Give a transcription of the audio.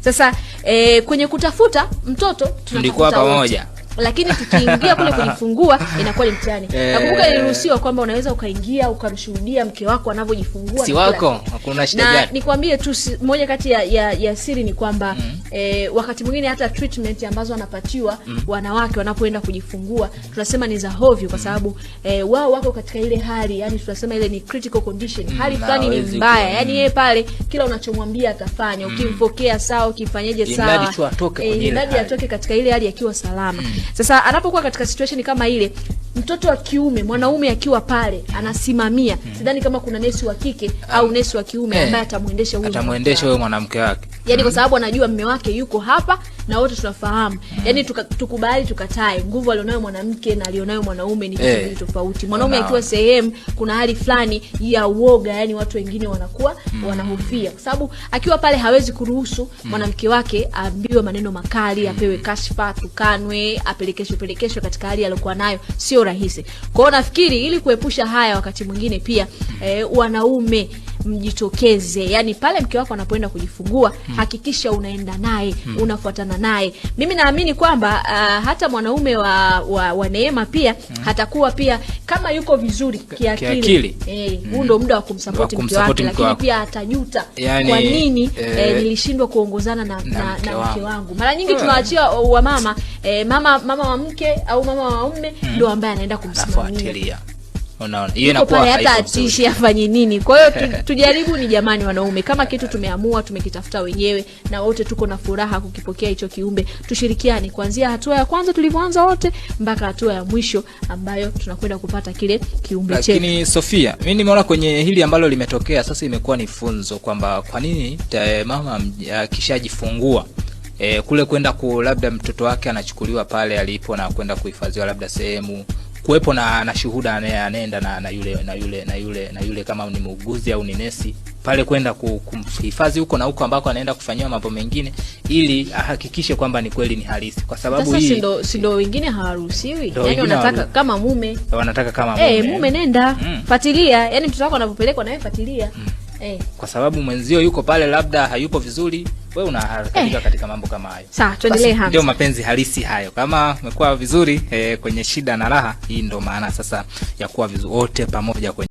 Sasa e, kwenye kutafuta mtoto tulikuwa pamoja, lakini tukiingia kule kujifungua inakuwa ni mtihani. Eh. Nakumbuka niliruhusiwa kwamba unaweza ukaingia ukamshuhudia mke wako anavyojifungua, si wako, hakuna shida gani. Nikwambie tu moja kati ya, ya, ya siri ni kwamba mm e, wakati mwingine hata treatment ambazo wanapatiwa mm. wanawake wanapoenda kujifungua tunasema ni za hovyo, kwa mm. sababu e, wao wako katika ile hali, yani tunasema ile ni critical condition mm, hali fulani ni mbaya mm. yani yeye pale kila unachomwambia atafanya mm. ukimpokea sawa, ukifanyeje sawa, ndadi eh, atoke katika ile hali akiwa salama mm. Sasa anapokuwa katika situation kama ile mtoto wa kiume mwanaume akiwa pale anasimamia, mm. sidhani kama kuna nesi wa kike au ah. nesi wa kiume ambaye atamwendesha huyo atamwendesha huyo mwanamke wake yani kwa sababu anajua mme wake yuko hapa na wote tunafahamu yani tuka, tukubali tukatae nguvu alionayo mwanamke na alionayo mwanaume ni vitu hey. Eh. tofauti mwanaume akiwa ah. sehemu kuna hali fulani ya uoga yani watu wengine wanakuwa mm. wanahofia kwa sababu akiwa pale hawezi kuruhusu mm. mwanamke wake aambiwe maneno makali mm. apewe kashfa tukanwe apelekeshwe pelekeshwe katika hali aliyokuwa nayo sio rahisi kwao nafikiri ili kuepusha haya wakati mwingine pia mm. eh, wanaume mjitokeze yani pale mke wako anapoenda kujifungua Hmm. hakikisha unaenda naye mm. unafuatana naye. Mimi naamini kwamba uh, hata mwanaume wa, wa, wa neema pia mm. hatakuwa pia kama yuko vizuri kiakili eh, hmm. huu ndio muda wa kumsapoti mke wake, lakini pia atajuta yani, kwa nini eh, eh, nilishindwa kuongozana na, na, na, mke wangu. Mara nyingi hmm. tunawaachia wamama eh, mama mama wa mke au mama wa mume ndo ndio ambaye anaenda kumsimamia Unaona, afanye nini. Kwa hiyo tujaribu ni jamani, wanaume, kama kitu tumeamua tumekitafuta wenyewe na wote tuko na furaha kukipokea hicho kiumbe, tushirikiane kuanzia hatua ya kwanza tulivyoanza wote mpaka hatua ya mwisho ambayo tunakwenda kupata kile kiumbe Lakini Sofia, mi nimeona kwenye hili ambalo limetokea sasa, imekuwa ni funzo kwamba kwa nini eh, mama akishajifungua e, kule kwenda ku labda mtoto wake anachukuliwa pale alipo na kwenda kuhifadhiwa labda sehemu kuwepo na, na shuhuda anaenda na, na yule na yule na yule na yule kama ni muuguzi au ni nesi pale kwenda kuhifadhi huko na huko ambako anaenda kufanyiwa mambo mengine, ili ahakikishe kwamba ni kweli ni halisi, kwa sababu hii sasa, si ndio? Wengine hawaruhusiwi, yani wanataka kama mume, wanataka kama eh, mume, eh, mume nenda mm, fuatilia, yani mtoto wako anapopelekwa nawe fuatilia mm, eh, kwa sababu mwenzio yuko pale, labda hayupo vizuri wewe unaharakika eh, katika mambo kama hayo. Sawa, tuendelee hapo. Ndio mapenzi halisi hayo. Kama umekuwa vizuri eh, kwenye shida na raha, hii ndio maana sasa ya kuwa vizuri wote pamoja kwenye